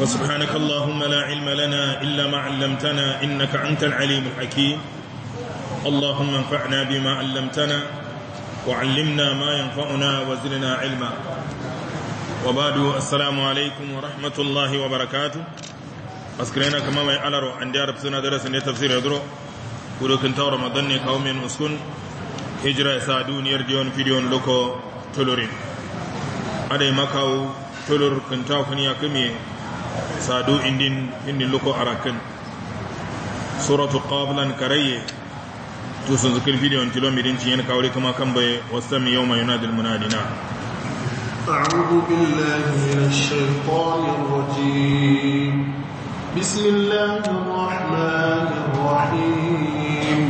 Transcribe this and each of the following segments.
وسبحانك اللهم لا علم لنا إلا ما علمتنا إنك أنت العليم الحكيم اللهم انفعنا بما علمتنا وعلمنا ما ينفعنا وزلنا علما وبعد السلام عليكم ورحمة الله وبركاته أسكرنا كما ما يعلروا عندي أرب سنة درس تفسير يدرو kudu kun taura madanne kaumin uskun hijira sa duniyar diyon fidiyon loko tulurin adai makau tulur kun ta kuniya kumiye sadu indin indin loko arakan suratu qablan karaye to sun zikir bidiyon kilomidin ciyen kawai kuma kan bai wasu mai yunadil munadina أعوذ بالله من الشيطان الرجيم بسم الله الرحمن الرحيم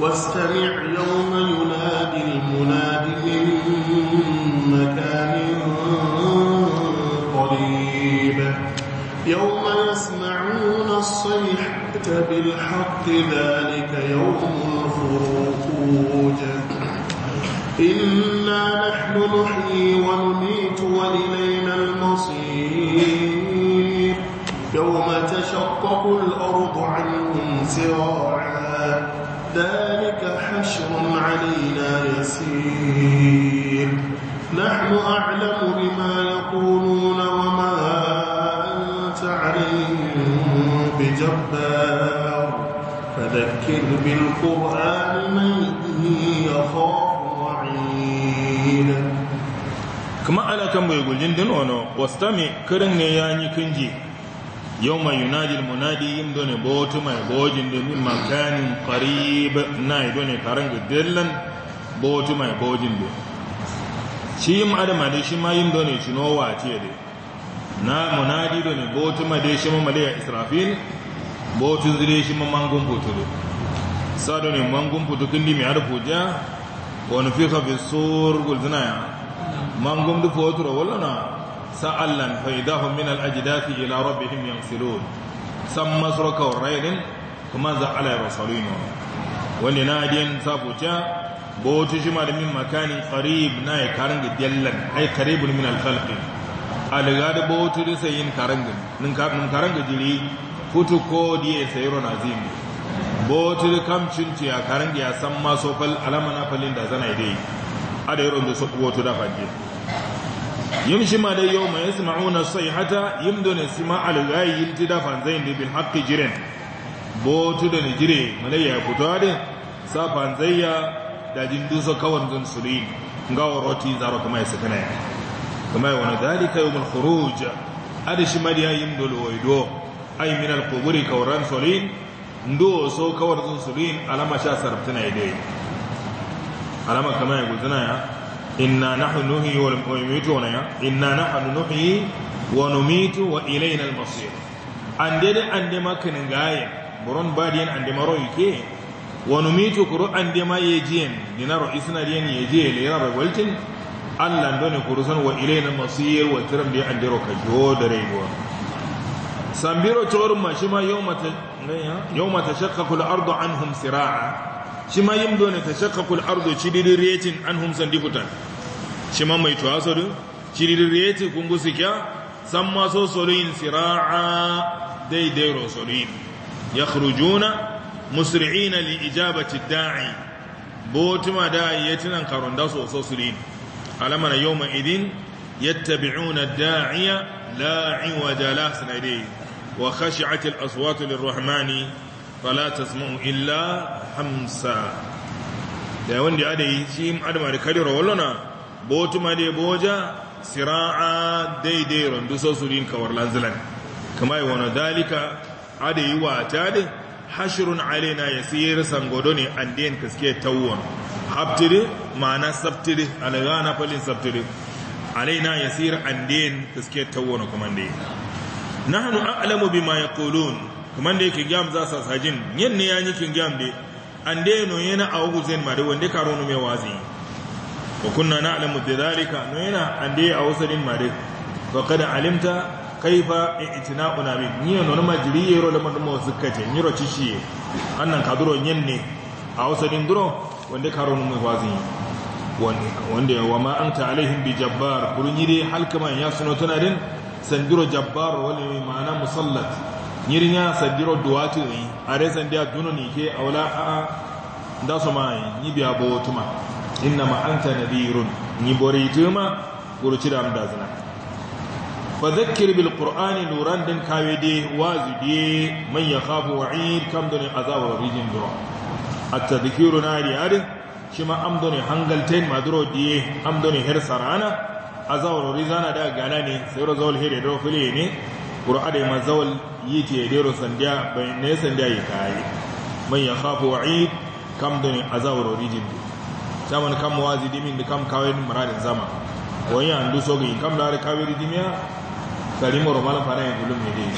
واستمع الحق ذلك يوم الخروج إنا نحن نحيي ونميت وإلينا المصير يوم تشقق الأرض عنهم سراعا ذلك حشر علينا يسير نحن أعلم بما يقولون وما أنت عليهم بجبار فذكر بالقرآن من يخاف وعيد كما ألا كم يقول جندن أنه واستمع كرن يعني كنجي يوم ينادي المنادي يمدون بوت ما يبوجن من مكان قريب نايدون كرن دلن بوت ما يبوجن shi yin adama da shi ma yin done shi nowa ce dai na munadi done bautu ma dai shi ma malaya israfil botu zire shi mamangun fotoro sado ne mangun foto kindi mai har fuja wani fi hafi sur zina ya mangun da fotoro wallana sa'allan faidahun min al'ajidafi ila rabbihim yansilun san masarauka rainin kuma za ala ya rasalino wani na adiyan sa fuja botu shi ma da min makani karib na ya karin gidiyallan ai karibun min alfalfi algadi botu da sayin karin jiri futu diye e na azim botil kamcin kam karan ya san ma so fal alama na falin da zanai dai ada yaron da so wato da yin shi ma dai yau mai yasma'una sayhata yimdun sima al yin yinti da fanzain da bil haqqi jirin botu da nijire ya fito da sa fanzayya da duso kawan zun suri gawo roti zaro kuma su kana kuma wani dalika yawmul khuruj ada shi madiya yimdul waido ay min al qubur kawran soli ndo so kawar zun soli alama sha sarabtana idai alama kama ya gutuna ya inna nahnu nuhi wa numitu wa ya inna nahnu nuhi wa numitu wa ilayna al-masir ande de ande makin gaya buron badiyan ande maro yake wa numitu kuru ande ma yejien dinaro isna diyan yeje le yana waltin Allah doni ne kurusan wa ilayna al-masir wa tiram bi ande ro kajo dare sambiro ma shima yawma tashaqqaqu al-ardu anhum sira'a shima yimdo ne tashaqqaqu al-ardu chidiririyetin anhum sandiputa shima mai tuwaso din chidiririyeti kungusikya samma so sorin sira'a dai dai ro solin yakhrujuna musri'ina li ijabati ad-da'i botuma da'i yatinan karonda so so solin alamana yawma idin yattabi'una ad-da'iya la 'iwaja la sanadai وخشعت الأصوات للرحمن فلا تسمع إلا همسا da wanda ya da yi shi adama da kare rawallona botu ma da boja sira'a daidai randu sosurin kawar lanzilan kama yi wani dalika ada yi wata da hashirun alena ya siyar sangodo ne an dayan kaske tawon haftiri ma'ana saftiri na falin saftiri alena ya siyar an dayan kaske tawon kuma dayan nahnu a'lamu bima yaqulun kuma da yake gam za sa sajin yin ne yani kin gam de de no yana awu zen ma wanda karo no me wazi wa kunna na'lamu bidhalika no yana de awu sadin ma fa kada alimta kaifa i'tina'una min ni no ma jiri ro da madmo zukkate ni ro cici annan kaduro yin ne awu sadin duro wanda karo no me wazi wanda wa ma anta alaihim bi jabbar kurun yire halkaman ya suno tunadin sandiro jabbar wani ma'ana musallat yirinya sandiro duwatu ne a rai sandiya duno ne ke wula. a da ma yi ni biya bo tuma inna ma an ta nadirun ni bori tuma kurci da amda zina fa zakkir bil qur'ani nuran din kawe de wazi de man yakhafu wa'id kam dun azab rijin dura at tadhkiru nari ari shima amdoni hangaltain maduro de amdoni her sarana azawar zana da gana ne sai ro zawal hede do fili ne qur'a da mazawal yiti da ro sandiya bai ne sandiya yi kayi. mai ya wa wa'id kam ne azawar rijin saman kam dimin da kam kawai muradin zama wani an so sogi kam da har kawai rijimiya kalimar romana fara yin gulum ne dai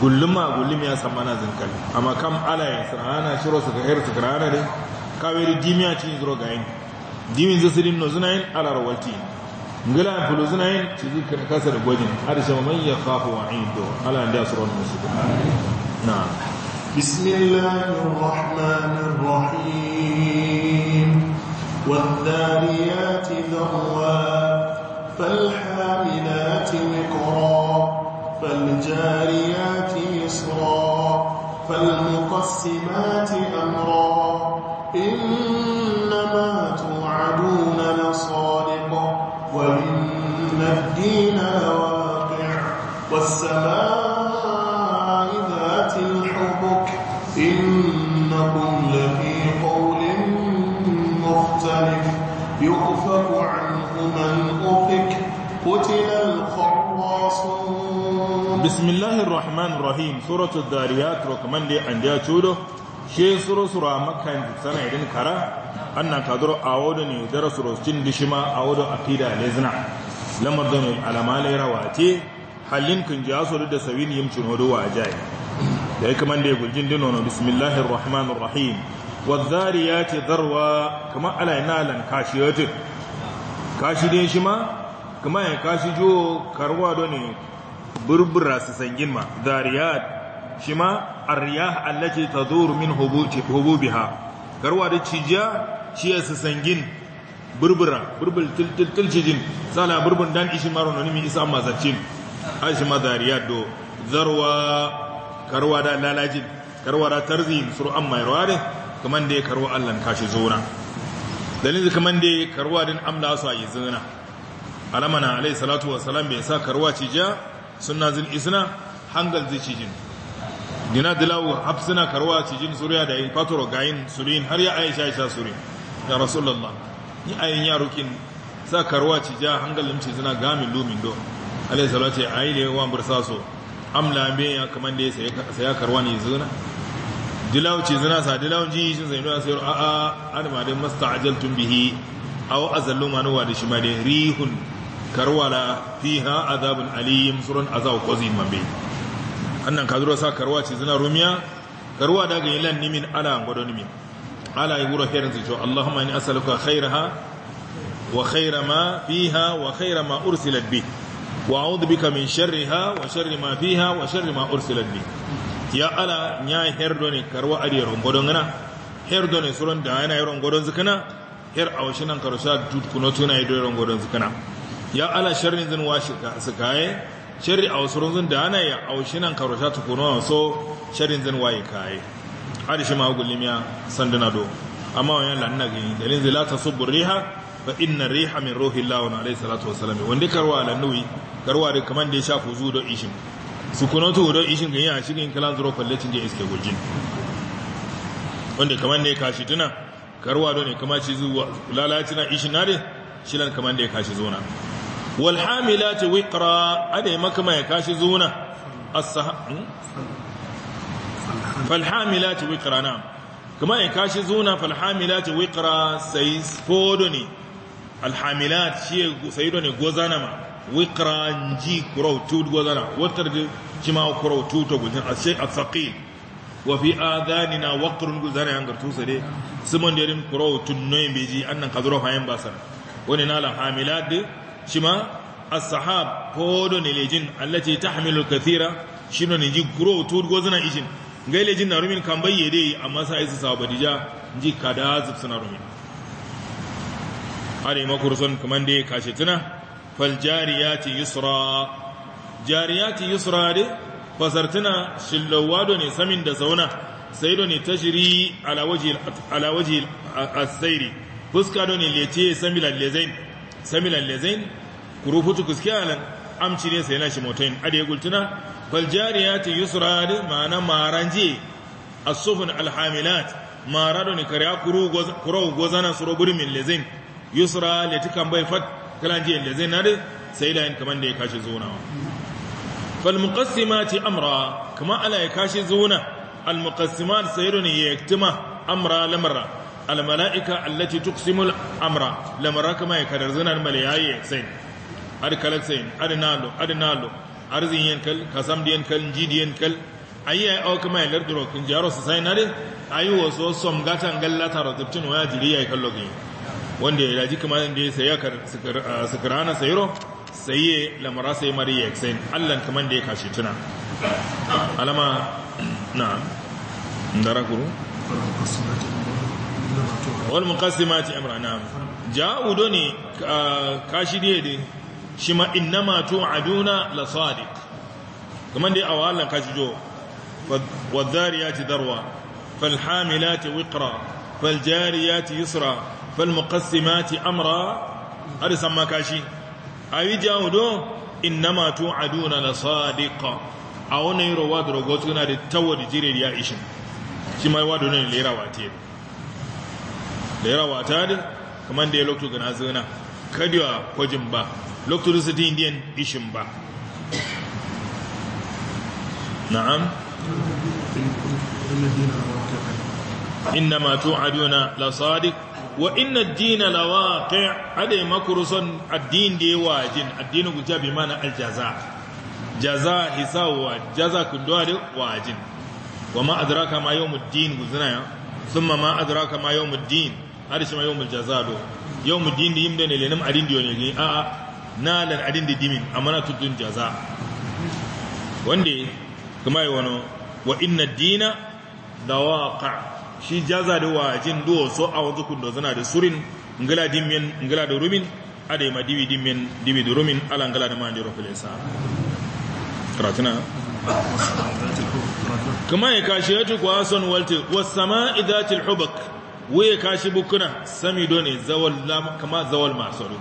gullum ma gullum ya san mana zinkali amma kam ala ya sarana shiro su ga irin su rana dai kawai dimiya cikin zuro ga yin dimin zasirin no zunayin ala ngila fuluzina yin cikin kana kasar gojin har sha man ya khafu wa wa'ido ala inda suran musulmi na bismillahir rahmanir rahim والذاريات ذروا فالحاملات وقرا فالجاريات يسرا فالمقسمات bismillahir rahmanir rahim suratul dariyat rokaman da an da chudo she suru a makkan sana idan kara annan kadro awodo ne dara suru cin dishima awodo akida lezna lamar da ne alamale rawati halin kun ja su da sawin yimcin hodo wa ajai da yake man da gurjin dino no bismillahir rahmanir rahim wadhariyati darwa kama ala inalan lan kashi kashi dai shima kama ya kashi jo karwa do ne burbura su sangin ma dariyat shi ma arriyah allati zo min hubuti hububiha garwa da cijiya shi ya su sangin burbura burbul tiltil cijin sala burbun dan ishi maron no nimi isa mazacin shi ma dariyat do zarwa karwa da lalajin karwa da tarzi sur amma yarware kaman da karwa Allah kashi zona dalilin kaman da karwa din amla su a yi zona alamana alai salatu salam bai sa karwa cijiya sunna zin isna hangal zai cijin dina dilawu hafsina karwa cijin suriya da yin fatoro gayin surin har ya aisha aisha surin ya rasulullah ni ayin rukin sa karwa cija hangalin cizina gamin lumin do alai salatu ayi ne wa bursa so amla me ya kaman da ya saya karwa ne zina dilawu cizina sa dilawu ji shi sai ya sai a a an ma dai masta'ajaltum bihi aw azallu manuwa da shi ma dai rihun karwala fiha azabun aliyim surun azab qazim mabe annan kaduro sa karwa ce zina rumiya karwa daga yilan nimin ala godo nimin ala yuro herin zo allahumma inni as'aluka khairaha wa khaira ma fiha wa khaira ma ursilat bi wa a'udhu bika min sharriha wa sharri ma fiha wa sharri ma ursilat bi ya ala nya herdo ne karwa ari rongodon ngana herdo ne surun da yana rongodon zikana her awshinan karusha dud kuno tuna ido rongodon zikana ya ala shirin zan washi kaye sharri a wasu runzun da ana ya aushinan karosha tukuno so shirin zan waye kaye hada shi ma gulmiya sanduna do amma wani lanna gani dalin su ta subu ba fa inna riha min rohin lawan alai alayhi salatu wa salam wanda karwa lannuwi karuwa da kamar da ya sha fuzu do ishin su kuno tu do ishin gani a shigin kalan zuro kwallacin da iske gurjin wanda kamar da ya kashi tuna karuwa da ne kamar shi zuwa lalaci na ishin na dai shilan kaman da ya kashi zuwa walhamilati hamilati wiqra ade maka mai hmm? kashi zuna fal hamilati wiqra na kuma ya kashi zuna falhamilati hamilati sai fodo ne alhamilat shi shi sai do ne gozana ma wiqra nji kurautu gozana watar jima kurautu to gudin ashe afaqil wa fi na waqrun gudana yan gartu sare simon derin kurautu noyin beji annan kadro fayin basar wani na alhamilat hamilat shima as-sahab do ne lejin ta tahmilu kathira shino ne ji gro to zana ishin ngai lejin na rumin kan bayye dai amma sai su badija ji kada zub suna rumin are makursun kaman dai kashe tuna fal jariyati yusra jariyati yusra dai fasartuna shillawado ne samin da zauna sai ne tashri ala waji ala waji as-sayri fuska ne lece lezain samilan lezain kurufutu kuskiyalan amci ne sai na shi motoyin adai gultuna bal jariyati yusra ma'ana maranje as-sufun alhamilat marado ni kariya kuru kuro gozana suro min lezain yusra letikan bai fat kalanje lezain nare sai da yin kaman da ya kashi wa. fal muqassimati amra kama ala ya kashi sai al muqassimat sayrun yaktima amra lamra almala'ika allati tuqsimul amra lamara kama ya kadar zanar malayaye sai ar kalat sai ar nalo ar nalo arzin yankal kasam diyan kal jidi yankal ayya aw kama ya larduro kin jaro su sai nare ayu waso som gatan gallata ratubtin waya jiriya ya kallo gin wanda ya daji kama inda ya kar sukrana sayro saye lamara sai mariya sai allan kaman da ya kashi tuna alama na ndara kuru wal muqassimati amra na'am ja'u doni kashi dede shi ma innama tu'aduna la sadiq kaman dai awalan kashi jo wadhariyati darwa fal hamilati wiqra fal jariyati yusra fal muqassimati amra har sama kashi ayi ja'u do innama tu'aduna la sadiqa a wannan yaro wadro gotuna da tawadi jire ya ishin shi mai wadro ne lera wate da yawa watadin kamar da ya lokto gana zina kadiwa kwajin ba lokto da sati indiyan ishin ba na'am inna ma tu'aduna la sadiq wa inna ad-dina la waqi' adai makrusun ad-din da wajin ad-dinu guja bi mana al-jaza jaza wa jaza kudwa da wajin wa ma adraka ma yawmud-din guzna thumma ma adraka ma yawmud-din har shi ma yawmul jazalo yau mu dim da ne lenam adin diyo ne a a na lan adin da dimin amana tudun jaza wanda kuma yi wano wa inna dina da waqa shi jaza da wajin duwa so a wanzu kun zana da surin ngala dimin ngala da rumin ada ma diwi dimin diwi da rumin ala ngala da man jiro karatuna kuma ya e kashi ya ci son walti sama idatil hubak wuye kashi bukuna samido ne zawal kama zawal masaru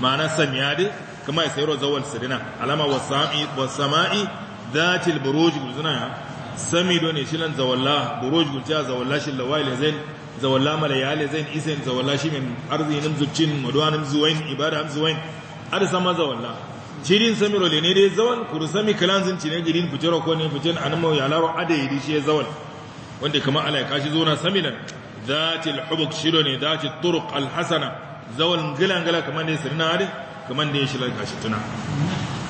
ma'ana samiya dai kama sayro zawal sirina alama wasami wasama'i dhatil buruj guzna samido ne shilan zawalla buruj gulta zawalla shil lawail zain zawalla malayal zain isen zawalla shi min arzi nim zuccin mudwanim zuwain ibada zuwain ar sama zawalla shirin samiro ne dai zawal kalan zin cine girin fujero ko ne fujin anmo yalaro adai shi zawal wanda kama alaika shi zo na samilan ذات الحبك شيروني ذات الطرق الحسنة زوال نغلا نغلا كمان دي سرنا هذه كمان دي شلا كاشتنا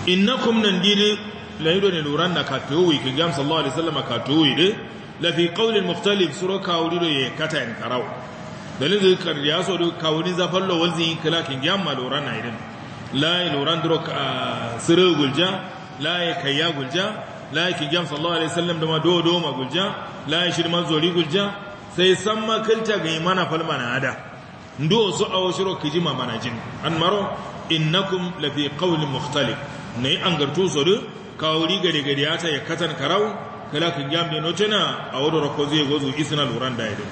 إنكم نندير لا يدوني لورانا كاتوي كجام صلى الله عليه وسلم كاتوي دي لفي قول مختلف سورة كاوليرو يكتا ينكراو dalin zai karya so da kawunin zafar lo wanzu yin kilakin yamma loran na irin la yi loran duro a sirir gulja la yi kayya gulja la yi kigyam sallallahu alaihi sallam da ma dodo ma gulja sai san makilta ga imana falmana ada ndu su awo shiro kijima mana jin an maro innakum la fi qawlin mukhtalif ne an gartu sori kawuri gare gare ya ta ya katan karau kala kin gambe no tana a wodoro ko zai gozu isna luran da yidin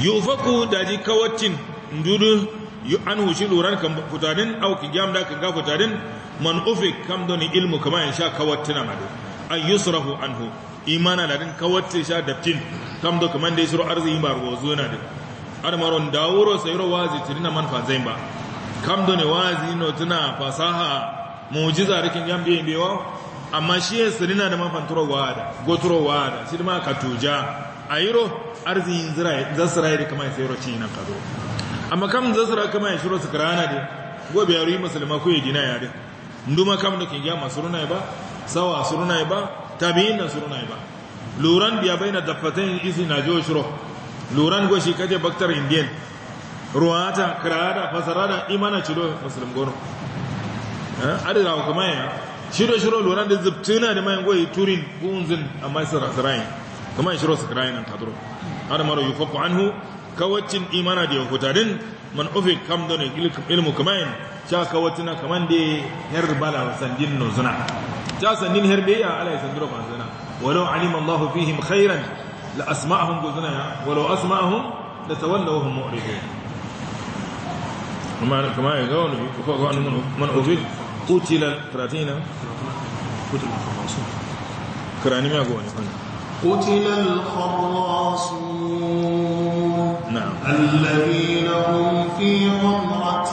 yufaku daji kawatin ndudu yu an hushi luran kan futanin au kin da kan ga futanin man ufik kam doni ilmu kama sha kawatina madu ay an anhu imana da din kawace sha daftin kam do kaman da isro arzi ba ruwa zuna da armaron dawuro sayro wazi tirina man fa zain ba kam do ne wazi no tuna fasaha mujiza rikin yambe bewa amma shi ya sirina da mafan turowa da goturowa wada shi ma ka tuja ayro arzi arzikin zasira ya kama kaman sayro ci nan kado amma kam zasra kaman shiro su karana da gobe ya ruyi musulma ko ya ya nduma kam da ke ga masuruna ba sawa suruna ba tabi'in nan suruna ba luran biya baina dafatan isi na jo shiro luran go shi kaje baktar indian ruwata karada fasarada imana chiro muslim gono eh rawo kuma ya shiro shiro luran da zubtuna da mai goyi turin gunzin amma sira sirai kuma shiro sirai nan kadro hada maro yufaku anhu kawacin imana da yahudadin man ufi kam don ilmu kuma chaka watina kamande her bala wasandin no zuna sandin her ya ala zuna walau khairan la asma'ahum ya walau asma'ahum kuma kuma ya ga wani ko wani man ubil qutila 30 qutila 50 karani ma ga wani نعم. الذين هم في غمرة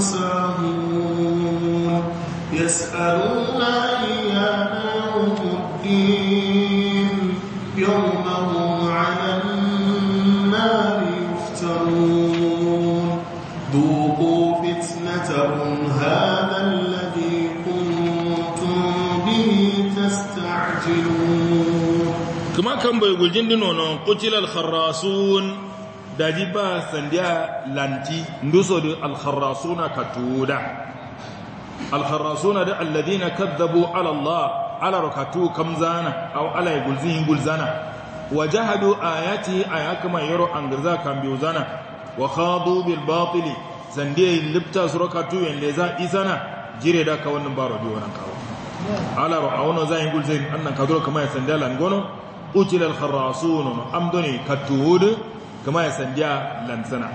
ساهون يسألون أيها kan bai e guljin dino non alharrasun da daji ba sandiya lanti nduso da ka tuda alharrasuna da alladhina kadhabu ala Allah ala rakatu kamzana au ala e gulzin gulzana wajahadu ayati ayakama yaro angirza kan zana wa khadu bil batili sandiya e libta surakatu yanda za isana jire da ka wannan baro biyo wannan kawo ala ra'awna zayin gulzin annan kaduro kamar sandiya langono utilal kharasun amdoni katuhud kama yasandia lansana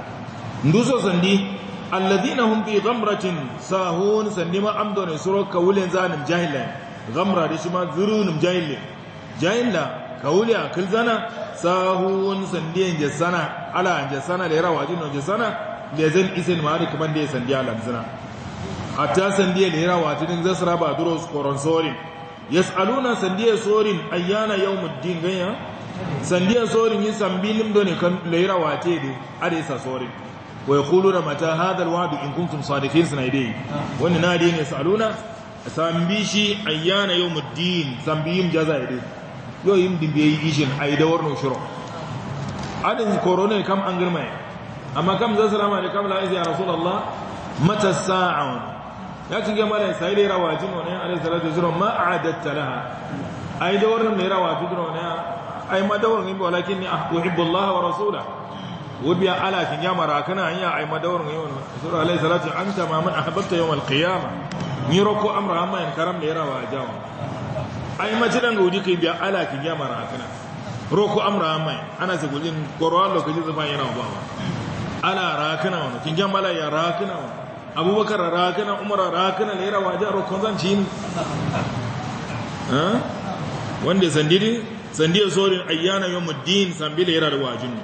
nduso sandi alladhina hum fi ghamratin sahun sandima amdoni suro kawulen zanim jahila ghamra dishima zurunum jahila jahila kawulia kilzana sahun sandiyan jasana ala jasana da rawa jin jasana da zan isin mari kaman da sandiya lansana hatta sandiya da rawa jin zasra ba duros koronsorin yas'aluna sandiya sorin ayyana yawmuddin ganya sandiya sorin yin sambilin ne kan laira wate do ade sa sorin wa yaquluna mata hadha alwa'du in kuntum sadiqin dai wannan nadi ne yas'aluna sambishi ayyana yawmuddin sambiyim dai yo yim dimbe yishin aida warno shuro adin corona kam an girma amma kam zasalama alaikum la ilaha illa rasulullah mata sa'a yakin ga malai sai dai rawajin wani alayhi salatu wasallam ma a'adatta laha ai da wannan ne rawajin ne yi ma da wannan walakin ni uhibbu Allah wa rasulahu wabiya ala kin ya mara kana hanya ai ma da wannan yau sura alayhi salatu anta ma man ahbabta yawm al-qiyamah ni roko amra amma in karam ne rawajin ai ma tidan gudi kin biya ala kin ya mara kana roko amra amma ana se gudin korwa lokacin zaba yana ba ala rakana wani kin ga malai ya rakana wannan abubakar rakana umar rakana ne zan ci ne wanda sandidi sandiyo sorin ayyana muddin sambi yara da wajin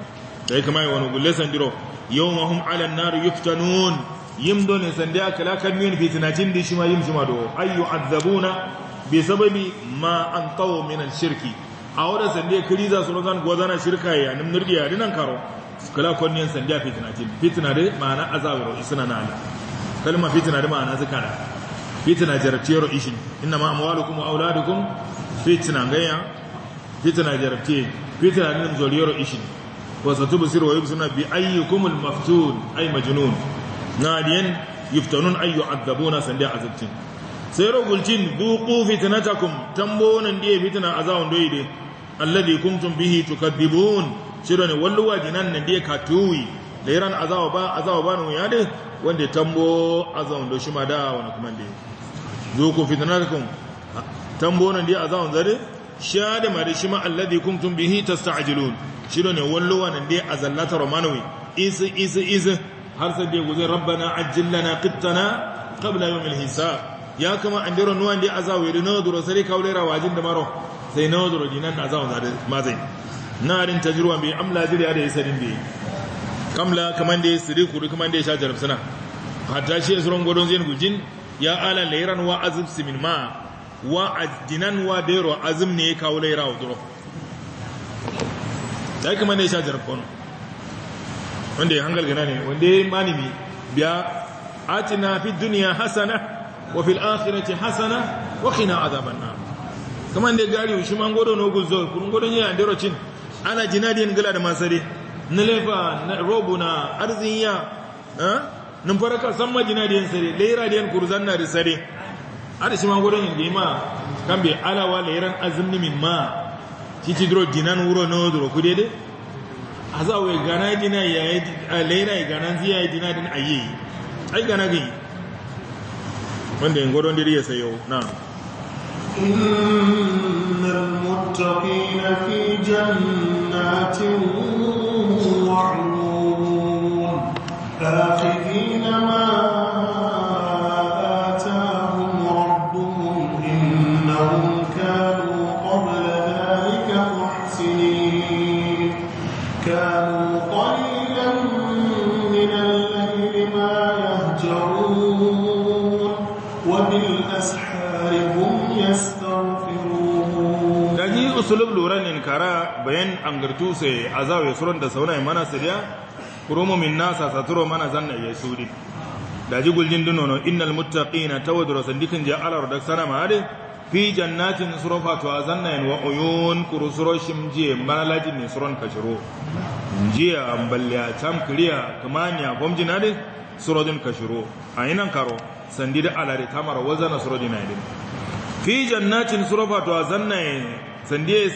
sai kuma wani gulle sandiro yawmahum ala an yi yuftanun yimdo ne sandiya kala kan min fitinatin di shima yim shima do ayu azabuna bi sababi ma an taw min shirki a wada sandiya kiriza su rozan gozana shirka ya nan nurdiya dinan karo kala kon ne sandiya fitina dai ma'ana azabaro isna na Allah kalma fitina da ma'ana da fitina jarabtiyar ishin inna ma amwalukum wa auladukum fitina gaya fitina jarabti fitina din zoliyar ishin wa satubsir wa yubsuna bi ayyukum al maftun ay majnun nadiyan yuftanun ay yu'adabuna sanda azabtin sai rogulcin duku fitinatakum tambonin diye fitina azawun dai alladhi kuntum bihi tukadibun shirani walluwa jinan ne diye katuwi lairan azawa ba azawa ba nun yade wanda tambo azawun do shi ma da wani kuma da zo ku fitnatakum tambo nan dai azawun zare sha da mari shi ma alladhi tun bihi ta tasta'jilun shi ne wallo wannan dai azallata romanawi is is is har sai dai guzai rabbana na lana kabla yau yawm alhisab ya kama andiro nuwan dai azawi rino duro sare kaulera wajin da maro sai nawa duro dinan azawun zare mazai narin tajruwa bi amla jiriya da ya yasarin bi kamla kaman da ya siri kudu kaman da ya sha jarabsana hatta shi yasuran gwadon zai gujin ya ala lairan wa azib simin ma wa adinan wa dairo azim ne ya kawo laira wa duro da kaman da ya sha jarabsana wanda ya hangal gana ne wanda ya mani manimi, biya atina fi duniya hasana wa fil akhirati hasana wa qina azaban nar kaman da gari shi man gwadon ogun zo kun gwadon yana dairo cin ana jinadiyan gila da masare nalefa robuna arzinya nun faraka san majina da yin sare laira da yin kurzan na da sare ada shi gudun yin gima kan bai alawa lairan azumni min ma cici duro dinan wuro na duro ku daidai a za a gana dina ya yi laira ya gana ziya ya dina din ayi ai gana gani wanda yin gudun diri ya sayo na إن المتقين في جنات آخذين ما آتاهم ربهم إنهم كانوا قبل ذلك محسنين كانوا قليلا من الليل ما يهجرون وبالأسحار هم يستغفرون كذي أسلوب لورا إنكارا bayan gartu sai azaw yasrun da sauna mana siriya kurumu min nasa saturo mana zanna yasudi da ji guljin dunono innal muttaqina tawadru sandikin ja ala da sana ma ade fi jannatin surufa to azanna yan wa uyun kurusuro shimje malalaji ne suron kashiro njiya ambaliya tam kriya kamanya bomjina de surodin kashiro ayinan karo sandida alare tamara wazana surodina din fi jannatin surufa to azanna sandiye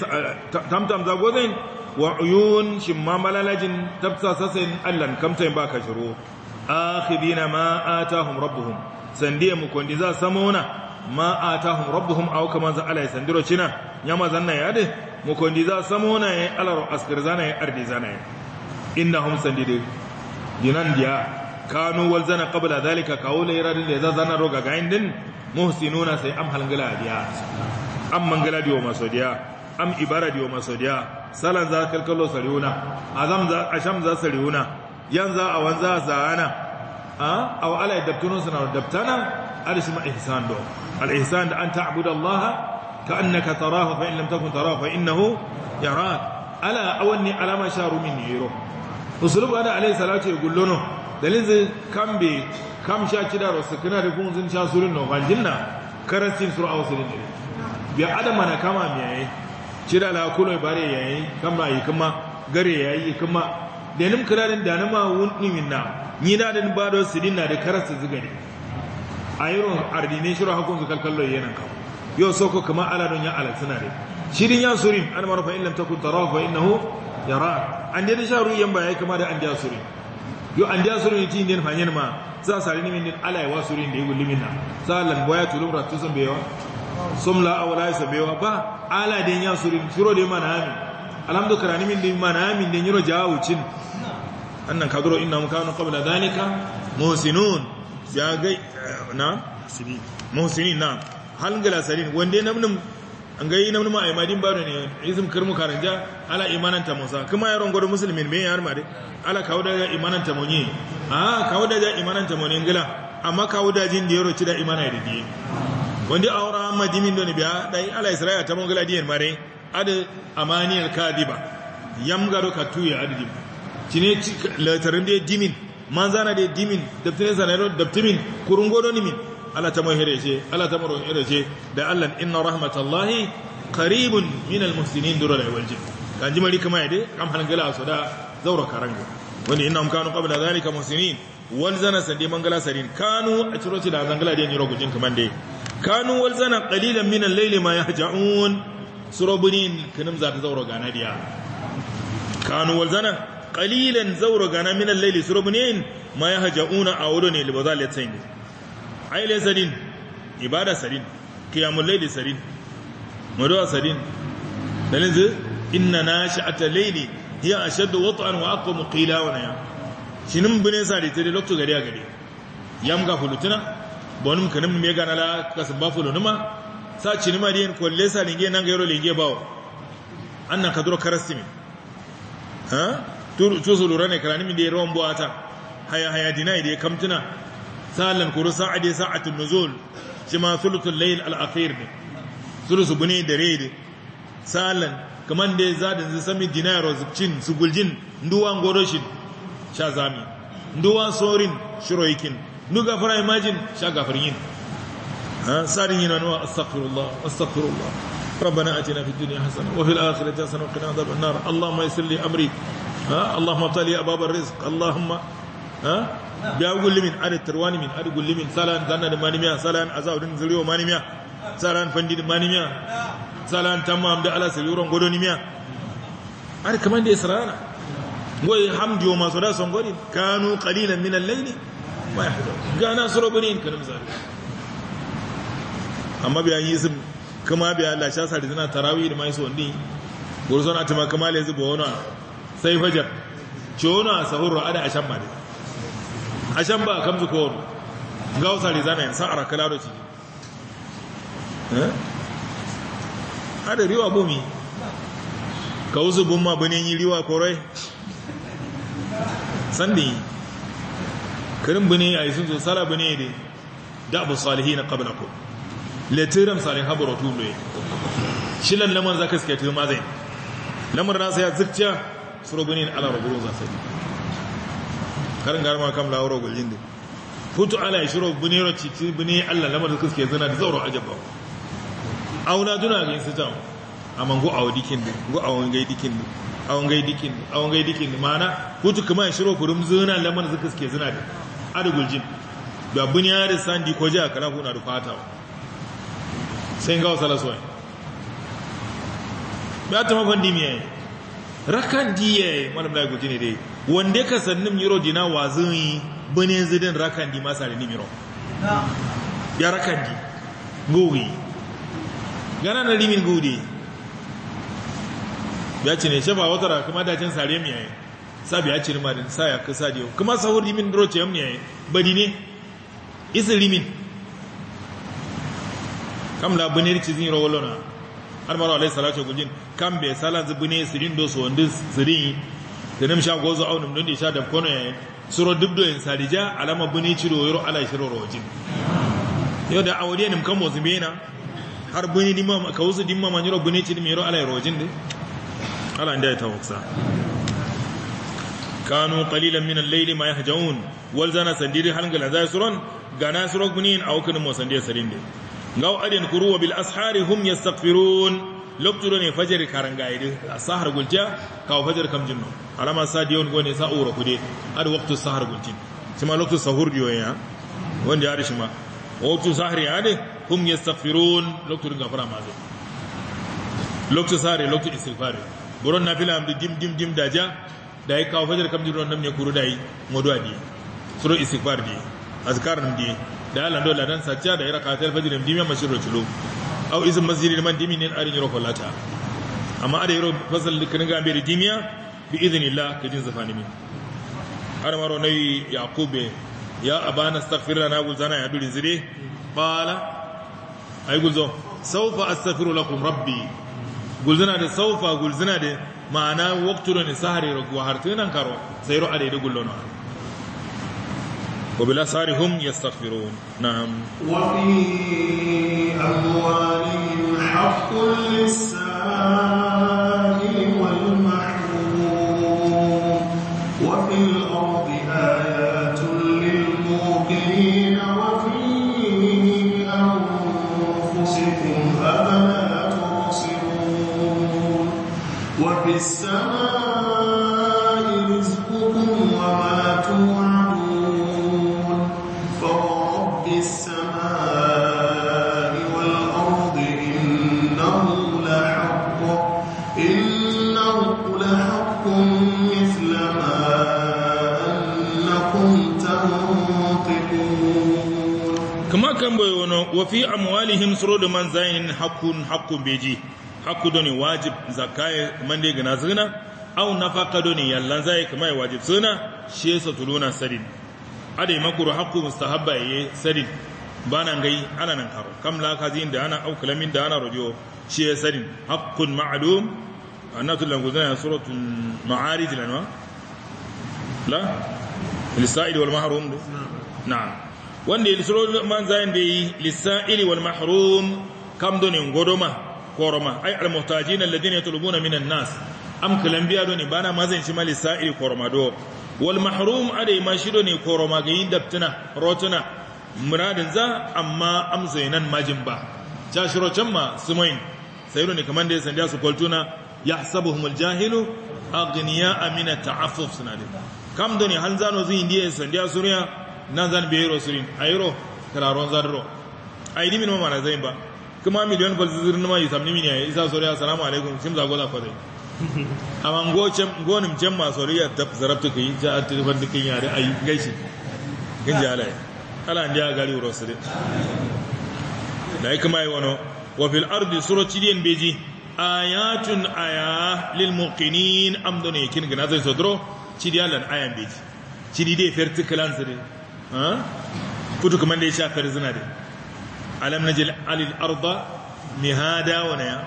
tamtam zagozen wa uyun shimma malalajin tabsa sasin allan kamtai ba ka shiro akhidina ma atahum rabbuhum sandiye mu kondi za samona ma atahum rabbuhum aw kama za alai sandiro cina yama zanna de mu kondi za samona ya eh, alaro askar zana ya eh, ardi zana ya eh. innahum sandide dinan dia kanu wal zana qabla dhalika kaula iradin da za zana roga gaindin muhsinuna sai am halgala dia am mangala diwa masodia am ibara diwa masodia salan za kalkalo sariuna azam za asham za sariuna yan za awan za zaana a aw ala dabtunun sana dabtana alishma ihsan do al da an ta'budu allah كأنك تراه فإن لم تكن تراه فإنه يراك ألا أولني على ما شاروا مني يروح أسلوب هذا عليه الصلاة يقول لنا دليل كم بي كم شاكدا رسكنا ركون زن شاسولنا وغانجلنا كرسين سرعة وسلين إليه biya adama na kama miyayi yayi cira la kulo bare yayi kama yi kuma gare yayi kuma denim kiranin da na ma wunni minna ni na ba do sidin na da karasa zigare ayro ardine shiro hakun zukal kallo yana ka yo soko kama ala don ya ala suna dai shirin ya surim an marfa in lam takun tarahu fa innahu yara an da sharu yan ba yayi kama da an da surim yo an da surin tin din fanyen ma za sare ni min din ala ya wasurin da yi gulimin na salan boya tulum ratu bewa somla isa bewa ba ala den ya da suro mana amin alhamdu karani min de manami den cin. jawucin annan kaduro muka mukanu kwabla danika mohsinun ya gai eh, na muhsinin na hal gala wanda wande namnin an gai yi namnin ma aimadin baro ne izin kirmu karanja ala imananta musa kuma yaron gwada musulmin mai yar mare ala kawo daga imananta monye a ah, kawo ya imananta monye gila amma kawo jin da yaro ci da imana da diye wanda awra madimin doni biya dai ala israya ta mongala diyen mare ad amani al kadiba yamgaro katuya adidim cine latarin da dimin manzana da dimin daftin sanero daftimin kurungo doni min ala ta mohere ce ala ta moro ere ce da allah inna rahmatallahi qaribun min al muhsinin dura da waljin kan ji mari kuma yade kam halangala so da zaura karanga wanda innahum kanu qabla dhalika muhsinin wani zana sandi mangala sarin kanu a ciro ci da zangala da yin rogujin kaman dai kanu zana qalilan min al-layli ma yahja'un surabuni kanam za ta zauro gana diya kanu zana qalilan zauro gana min al-layli surabuni ma yahja'una awruni libadalatain ayle sadin ibada sadin qiyamul layli sadin mudu sadin dalinzu inna nashi'atal layli hiya ashaddu wat'an wa aqwamu qila wa naya shinin bune sa da tare lokto gari a gari yamga hulutuna bonum kanum me gana la kas bafulo numa sa cinima diyen ko lesa linge nan gairo linge bawo annan kaduro karastimi ha tur tusu lurane karani mi de ron ata haya haya dinai de kamtuna salan kuru sa'adi sa'atu nuzul jima thulutul layl al akhir ne sulusu bune da rede salan kaman da zadin zu sami dinaro su guljin nduwan goroshin shazami nduwan sorin shiroikin nu gafara imagine sha gafar a sarin yana nuwa astaghfirullah astaghfirullah ربنا اتنا في الدنيا حسنه وفي الاخره حسنه وقنا عذاب النار اللهم يسر لي امري اللهم افتح لي ابواب الرزق اللهم biya gullimin ada tarwani min ada gullimin salan zanna da manimiya salan azawdin zuriyo manimiya salan fandi manimiya salan tamam da ala sirron godonimiya ada kaman da isra'ana goyi hamdiyo masu da son gori kanu qalilan min al ما يحضر قال ناصر بنين كلام ذلك amma bayan yusuf kuma biya Allah sha sa rizina tarawih da mai so ndi gurzon atima kuma le zuba wona sai fajar ciona sahuru ada ashan ba ashan ba kamzu ko wona gausa rizana yan sa ara kalaro ci eh ada riwa bumi ka uzu bumma bane yi riwa korai sandi kirin a yi sun zo sala bini de da abu salihin ku letiram haɓar otu ne shi lan za ka suke tu mazai lamar nasa ya zikciya na ala raburu za su yi. karin garma kam la wuro guljin de futu ala shiro bane roci ti bane allah lamar da suke zana da zauro Auna duna ga yin su jam amma go awdikin de go awon gaidikin de awon gaidikin awon dikin mana hutu kuma shiro kurum zuna lamar zaka suke zana da adugul jin ba bunyari sandi ko ji a akala kuna da fata sai ga wasu so ba ta mafan mafandi yi rakan yi malam da guji ne dai wanda ka sannin miro dina wa yi bane zidin rakan di masa da nimiro ya rakan di gowi gana na limin gudi ya ce ne shafa wata kuma dacin sare miye sabi ya cire marin sa ya kasa diyo kuma sahur limin duro ya yi bari ne isi limin kam bane bunir ci zin lona har mara alai salatu gujin kam be salan zubune sirin do so wandin yi da nam sha gozo aunum don da sha da kono ya suro duk doyin salija alama bane ciro yoro ala shiro rojin yau da awadiya nim kan mozu mena har bane dimma ka wusu dimma maniro bane ci dimma yoro ala rojin dai ala inda ya tawaksa kanu qalilan min al-layli ma yahjaun wal zana sandiri hangal azasron gana surok bunin awkan mo sandir de. ngaw adin kuru bil ashari hum yastaghfirun loktudo ne fajar karangaide sahar gulja kaw fajar kam jinno alama sa sadiyon gone sa uro kude ad waqtu sahar gultin sima loktu sahur diyo ya wanda ya rishima waqtu sahar ya ne hum yastaghfirun loktu gafara mazo loktu sahar loktu istighfar buron nafila am dim dim dim daja da ya kawo fajar kamjin ruwan nam ne kuru yi modwa ne suru istighfar di azkar ne da ya lando ladan sacca da ira katal fajar di dimiyar mashi chulo au izin masjidin man dimi ne arin yoro kwallata amma ada yoro fasal kanin ga da dimiya bi idhnillah kajin zafani min har maro nayi yaqube ya abana astaghfir lana gulzana ya dulin zire qala ay gulzo sawfa astaghfiru lakum rabbi gulzana da saufa gulzana da ma'ana wakturo ne sahari raguwa har tunan karo sai ru'a da idigun lona wabila sahari hun ya stafiro na waɗi abuwa sannan wa fi amwalihim da man zayin hakun hakun beji hakku doni wajib zakaye mande gina zina au nafaka doni yallan zai kuma wajib suna shi yasa tuluna sadin adai makuru hakku mustahabba yayi sadin bana ngai ana nan karo kam la kazin da ana au kalamin da ana rojo shi ya sadin hakkun ma'lum annatul languzana suratul ma'arij lanwa la lisaid wal mahrum na'am wanda ya lisiro man zayin da yi lissa'ili wal mahrum kam donin godoma koroma ai almuhtajin alladhina yatlubuna minan nas am kalan biya doni bana mazan shi mali sa'ili koroma do wal mahrum adai ma shi ne koroma ga yin daftuna rotuna muradin za amma amzainan majin ba ja shiro can ma sumain sai doni kaman da sanda su koltuna yahsabuhumul jahilu aghniya amina ta'affuf sunadin kam doni hanzano zai indiya sanda suriya nan zan biye euro sirin a euro kararon zarro a yi nimin mamana zai ba kuma miliyon falsizirin nama yi samni miniya isa soriya salamu alaikum sim zago za kwadai amma gonin can ma soriya ta zarabta ka yi ta attifan dukkan yare a yi gaishe gan ji halaye ala ndi a gari wuro sirin da ya kuma yi wano wafil ardi suroci diyan beji ayatun aya lil muqinin amdone kin gina zai sodro ci diyalan ayan beji ci di dai fertikalan sirin kutu kamar da ya sha rizina da alam na jil alil arda hada wane ya?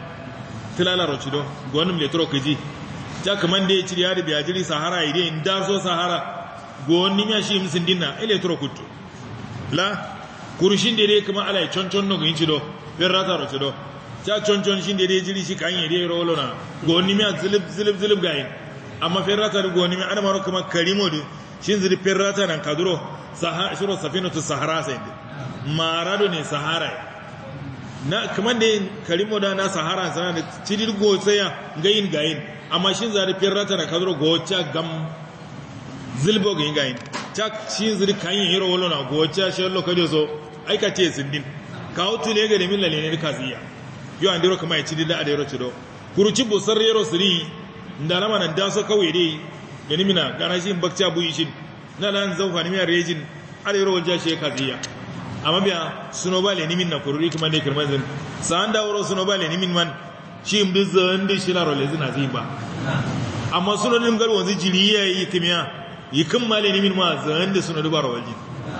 tilala rochido gwanin letro ji ja kamar da ya ciri ya da biya jiri sahara idai da so sahara gwanin ya shi musin dinna eletro kutu la kurushin da dai kuma ya cancan na yin cido bin rata rochido ja cancan shi da dai jiri shi kan yi dai rolona gwanin ya zilib zilib gayin amma rata da gwanin ya ana maro kamar karimo da Shin shinziri rata nan kaduro shiro safinatu sahara sai ne marado ne sahara na kaman da kalimo da na sahara sana da cidil gotsaya gayin gayin amma shin zari rata nan kaduro gocha gam zilbo gayin gayin chak shin ziri kanyi hiro wolo na gocha shirin lokacin so aika ce sindin ka hutu ne ga da min lalle ne kaziya yo andiro kuma ya cidil da adero cido kuruci busar yaro siri ndalama nan da so kawai dai ganimina garashin bakta buyishin na lan zaufa nimina rejin alero wajja ka ziya amma biya suno bale min na kururi kuma ne kirman zin san da woro suno bale min man shi bi zan da shi la role zin azin ba amma suno nim garwon zi jiri yayi kimiya yikin male min ma zan di suno dubara waji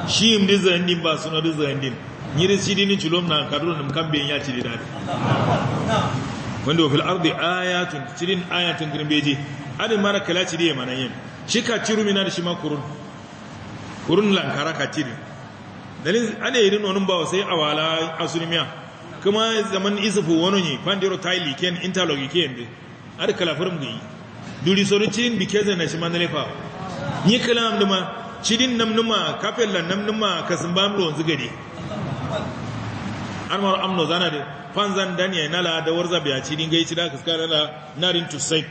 shi bi zan din ba suno di zan din nyiri sidi ni chulom na kadro nim kambe ya ci dadi wanda fil ardi ayatun sidin ayatun girbeji adin mara kalaci diye mana yin shi ka ci rumina da shi ma kurun kurun lankara ka ciri dalin ade irin onun ba sai awala sunimiya kuma zaman isufu wani ne pandiro tile ken interlogi ke de har kala furum yi duri sorucin zai na shi manalefa ni kalam duma cidin namnuma kafella namnuma kasimbam wanzu gari an mara amno zana da fanzan daniel nala da warza biya cidin gaici da kaskara na narin tusai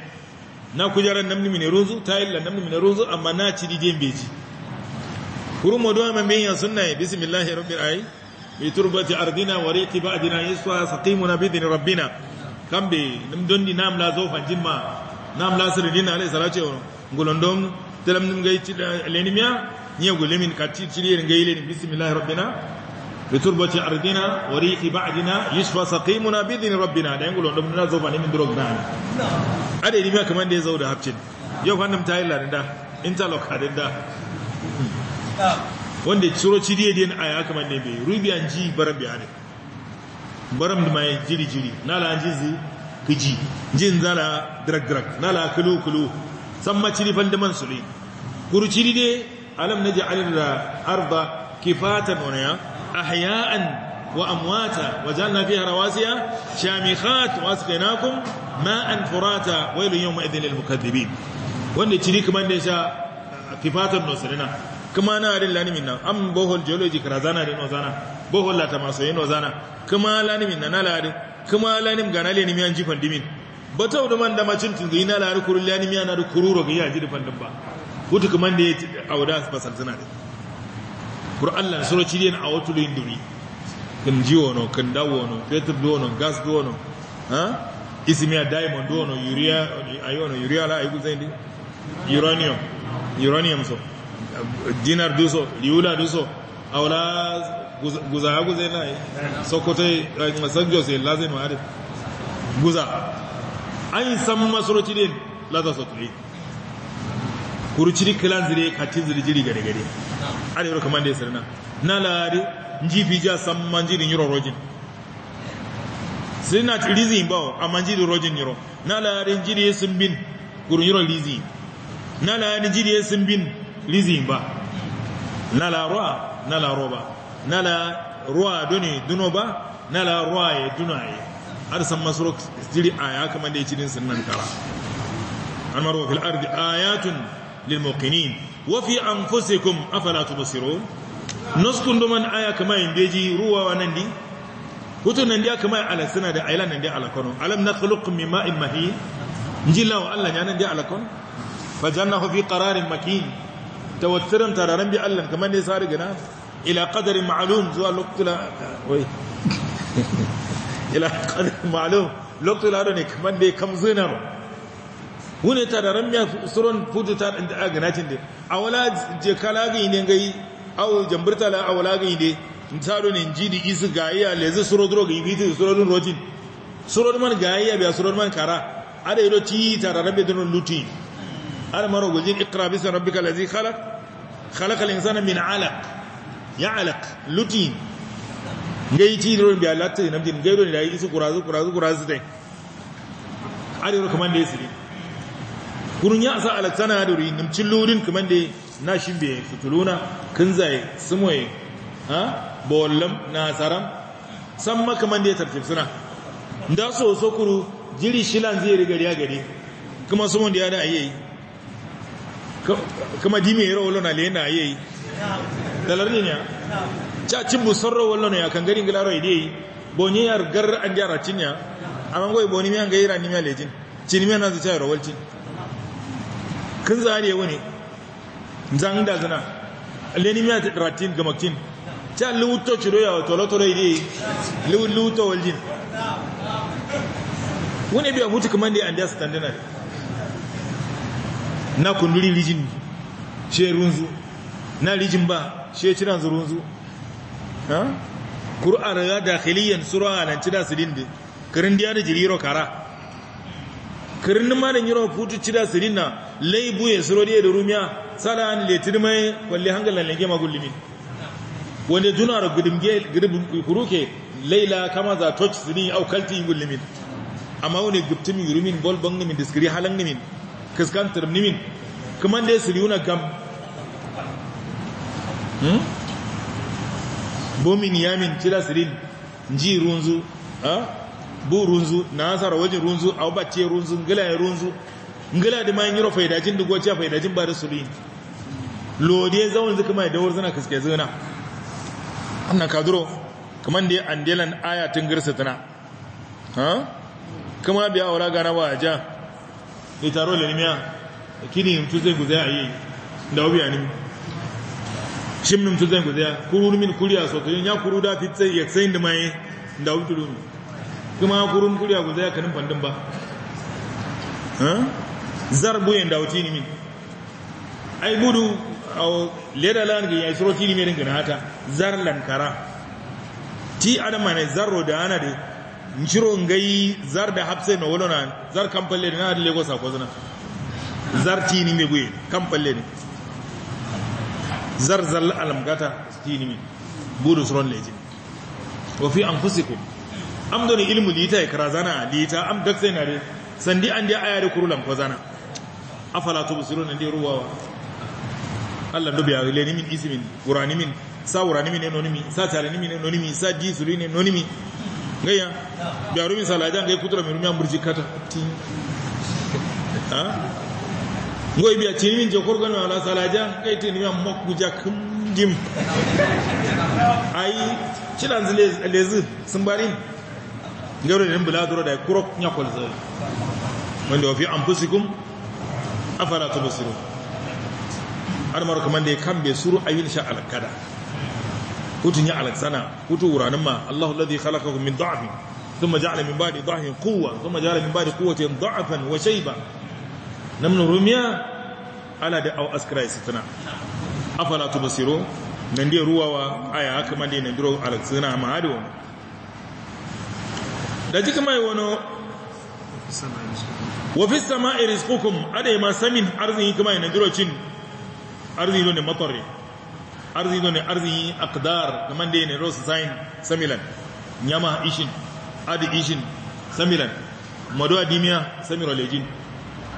na kujaran namni mine rozu ta illa namni mine rozu amma na ci dide beji kurun mu duwa man biyan sunna ya bismillahi rabbil ayi bi turbati ardina wa riqi ba'dina yaswa saqimuna bi idni rabbina kam kambe dum dondi nam la zo fan jimma nam la sir sirdina alayhi salatu wa ngulondom telam nim ngay ci lenimia nyewu lemin katti ci lir ngay len bismillahir rabbina بتربة أرضنا وريح بعدنا يشفى سقيمنا بإذن ربنا دا يقولون ربنا زوبا من دروغ نعم أدي لما كمان دي زودة هبتين يو فاندم تايلا دا انتلوك هذا دا wanda tsoro ci diye din aya haka manne bai rubi an ji baram biya ne baram da mai jiri jiri na la an ji zi kiji jin zala drag drag na la kulu kulu san ma ciri fal da man suli kuru ciri alam naji arda kifatan wa أحياء وأمواتا وجعلنا فيها رواسي شامخات وأسقيناكم ماء فراتا ويل يومئذ للمكذبين wanda ciri kamar da ya sha fifatan nasirina kuma na harin lanimin nan am bohol geologic karazana da nozana bohol lata masu yi nozana kuma lanimin na nalarin kuma lanim gana nalini miyan jifan dimin ba ta wudu man da macin tunzuri na lari kurun lanimiya na da kururo ga yaji da fandin ba hutu kamar da ya auda fasar suna da qur'an soro chiri en awotulu induri kan wano kan dawono da wano gas dono ha isimia diamond dono urea ayono urea la zai zaidi uranium uranium so dinar duso liula duso awla guza guza na eh? sokoto eh, masanjo sai lazin wa arif guza an san masoroci din laza sotuli kuruciri kilan zire katin zire jiri gare gare alero kamande sirna na laari njibi ja sam manjiri nyiro rojin sirna lizi mbao amanjiri rojin nyiro na laari njiri sun bin guru nyiro rizin na laari njiri sun bin rizin ba na la roa na la roba na la roa doni duno ba na la roa ye dunaye har san masoro jiri aya kamande cikin sirnan kara an maro fil ardi ayatun lil muqinin an wa fi anfusikum afala tubsirun nuskun duman aya kama yin beji ruwa nan di hutun nan di aka mai alasana da ailan nan di alakono alam na khuluq min ma'in mahin njilla wa Allah ya nan di alakon fa jannahu fi qararin makin tawattiran tararan bi Allah kamar ne sari gina ila qadarin ma'lum zuwa lokula wai ila qadarin ma'lum lokula ne kamar dai kam zinaro hune ta da ramya ta fujuta da aga natin din a wala je kalagi ne gai awo jambirta la a wala gai ne tsaro ne jidi isu gaiya lezi suro dro gai biti suro dun rotin suro man gaiya biya suro man kara ada yiro ci ta da rabbi dun luti ala maro gojin iqra bismi rabbika allazi khalaq khalaqa al-insana min 'alaq ya'laq lutin gai ti dro biya latta ne namdin gairo ne da isu kurazu kurazu kurazu dai ada yiro kamar da ya yasiri gurin ya sa ala da wuri nimcin lurin kuma da na shi be futuluna kun zai sumoye ha bollam na saram san maka man da ya tartib suna da so so kuru jiri shilan zai riga ya gari kuma sumon da ya da ayi kuma dimi ya wallo lona lena ayi dalar ne ya cacin busarro wallo ne ya kan garin gilaro dai bonye yar gar an gyara cinya amma goyi boni mi an gaira ni lejin alejin cinimi na zai tayar walcin kin zare wani zan da zana leni miya ta ratin ga makin ta luto ciro ya tolo tolo ide luto waljin wani biya mutu kuma da understand na na kunduri rijin she runzu na rijin ba she ciran zu runzu ha qur'an ya dakhiliyan sura nan cida sidin de kirin diya da jiriro kara kirin ma da yiro futu cida sidin na laibu ya suro da rumiya salan le tirmai walle kwalli le gema gullimin wanda duna da gudimge kuruke laila kama za touch sini au kalti gullimin amma wani guptimi rumin bol bang nimin diskiri halan nimin kiskan tirm nimin kuma da siri wuna gam hmm? bomin yamin cira siri ji runzu ha bu runzu na asara wajen runzu au bace runzu gilaye runzu ngila da mayan yiro faidajin dugoci faidajin ba da lodi ya zaun zuka mai dawar zana kaske zana ka duro kamar da andelan ayatun girsa tana ha kuma biya aura gana wa ja da taro lalmiya kini mutu zai guzaya a yi da obi ne shin mutu zai guzaya kuru min kuriya so to ya kuru da fitai ya tsayin da mai da obiya kuma kurun kuriya guzaya kanin fandin ba ha zarbu en dawtini min Ai gudu aw leda lan gi ay suro tini min ngana ta zar lankara. kara ti adama ne zarro da ana de njiro ngai zar da habse no wolona zar kampalle na le go sa ko zana zar tini me guye kampalle ne zar zal alam gata tini min gudu suron leji wa fi anfusikum am doni ilmu lita ikra e zana lita am dakse na de sandi an da aya kurulan ko zana afala tubsiruna ndi ruwa Allah ndo biya le nimin ismin qurani min sa qurani min no nimi sa tare nimin no nimi sa ji suru ne no nimi ngaya biya rumi salaja ngai kutura mi rumi amurji kata ti ha ngoi biya chini min jokor gano ala salaja kai ti nimi amok gujakum jim ai cilan zile lezi sun bari ngaro da bula duro da kurok nyakwal zai wanda wa fi anfusikum afala basiru har mara kuma da ya kambe suru ayin sha alkada hutun ya alaksana hutu wuranin ma Allahu alladhi khalaqakum min da'fin thumma ja'ala min ba'di da'fin quwwa thumma ja'ala min ba'di quwwatin da'fan wa shayba namnu rumiya ala da au askara sitana afala basiru nan dai ruwawa aya haka man dai na biro alaksana ma hado da jika mai wano wa fi sama'i rizqukum ade ma samin arzini kuma ina dirocin arzini ne matare arzini ne arzini aqdar da dai ne rose sign samilan nyama ishin adi ishin samilan madwa dimiya samiro lejin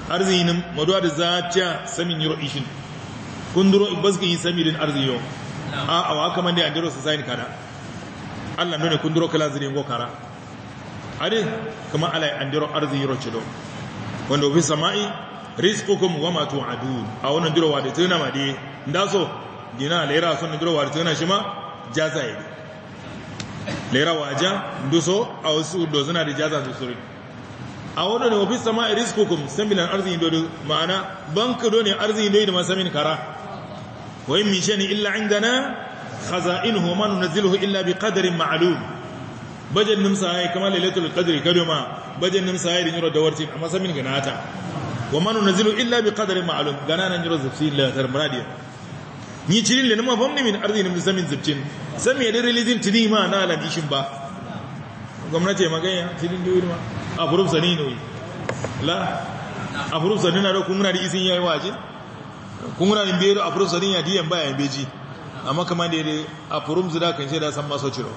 arzini madwa da zacha samin yiro ishin kunduro baskin samirin arzini a awa kaman dai andiro sign kada Allah nune kunduro kala zirin go kara ade kuma alai andiro arzini ro do. wanda ofis sama'i rizqukum wa ma tu'adun a wannan durowa da tuna ma dai ndaso dina lera sun durowa da tuna shi ma jaza yi lera waja nduso a wasu do suna da jaza su suri a wannan ofis sama'i rizqukum samilan arzini do ma'ana banka do ne arzini do da masamin kara wa in min shani illa indana khaza'inuhu ma nunzilu illa bi qadarin ma'lum bajen nimsa yi kama lailatul qadri kaduma bajen nimsa yi dinyo da warti amma samin ganata wa na nunzilu illa bi kadarin qadrin gana na nyiro zafsi la tarmaradiya ni cirin da nima famni min arzi na samin zafcin sami ya release tini ma na la dishin ba gwamnati maganya cirin duwi ma a furum sani ne la a furum sani na da kun muna da isin yayi waje kun muna da biyar a furum sani ya diyan ba ya beji amma kamar da a furum zida kan shi san masa ciro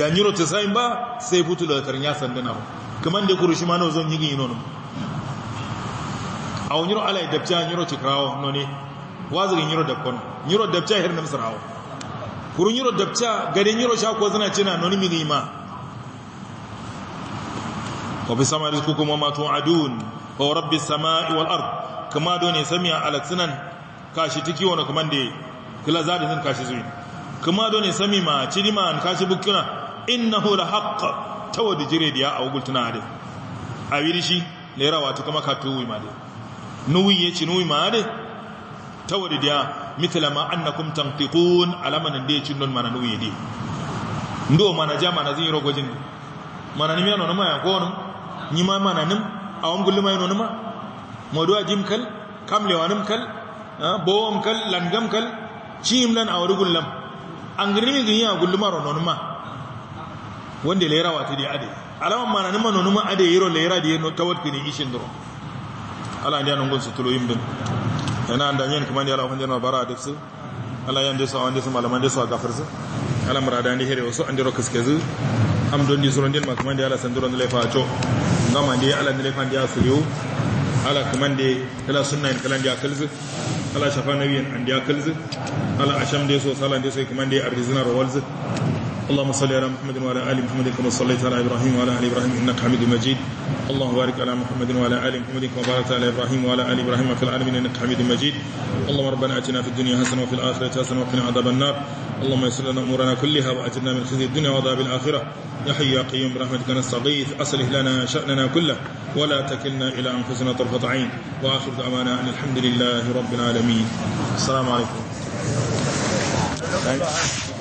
ga nyiro ta sai ba sai futu da karnya sandana kaman da kurushi ma no zon yigi nono A wani ala dabta nyiro ti krawo no ne wazigin nyiro da kono nyiro dabta hir nam sarawo Kuru nyiro dabta gade nyiro sha ko zana cina no ni ma wa bi sama rizqukum kuma ma adun ko rabbi samai wal ard kama do ne samiya alatsinan kashi tiki wani kuma da kila zadi sun kashi zuwa kuma don ne sami ma cidima ma kashi bukuna innahu la haqq tawadi jire dia awgul tunade awirishi lera watu kama ma made nuwi ci nuwi made tawadi dia mithla ma annakum tantiqun alama nan de ci nun mana nuwi di ndo mana jama na zin rogo jin mana ni meno nama ya gono ni ma mana nim awngul ma nonuma? nama modu ajim kal kamle wanim kal bowam kal langam kal chimlan awrugullam angrini giya gulmaro ronon ma wonde lera wati di ade alawa mana nima no numa ade yiro lera di no tawat kini ishin duro ala ndiya no ngon sutulo yimbe yana anda nyen kuma ndiya alawa ndiya bara ade su ala yande so ande su malama ande so gafar su ala murada ndi here so ande ro kiskezu am don di suro ma kuma ndiya ala sanduro ndile a co. ngama ndiya ala ndile fa ndiya suriyo ala kuma ndiya ala sunna kala ndiya kalzu ala shafa nabiyan ndiya kalzu ala asham ndiya so sala ndiya so kuma ndiya arzina rawalzu اللهم صل على محمد وعلى ال محمد كما صليت على ابراهيم وعلى ال ابراهيم انك حميد مجيد اللهم بارك على محمد وعلى ال محمد كما باركت على ابراهيم وعلى ال ابراهيم في العالمين انك حميد مجيد اللهم ربنا اتنا في الدنيا حسنه وفي الاخره حسنه وقنا عذاب النار اللهم يسر لنا امورنا كلها واجرنا من خزي الدنيا وعذاب الاخره يا حي يا قيوم برحمتك نستغيث اصلح لنا شاننا كله ولا تكلنا الى انفسنا طرفه عين واخر دعوانا ان الحمد لله رب العالمين السلام عليكم you.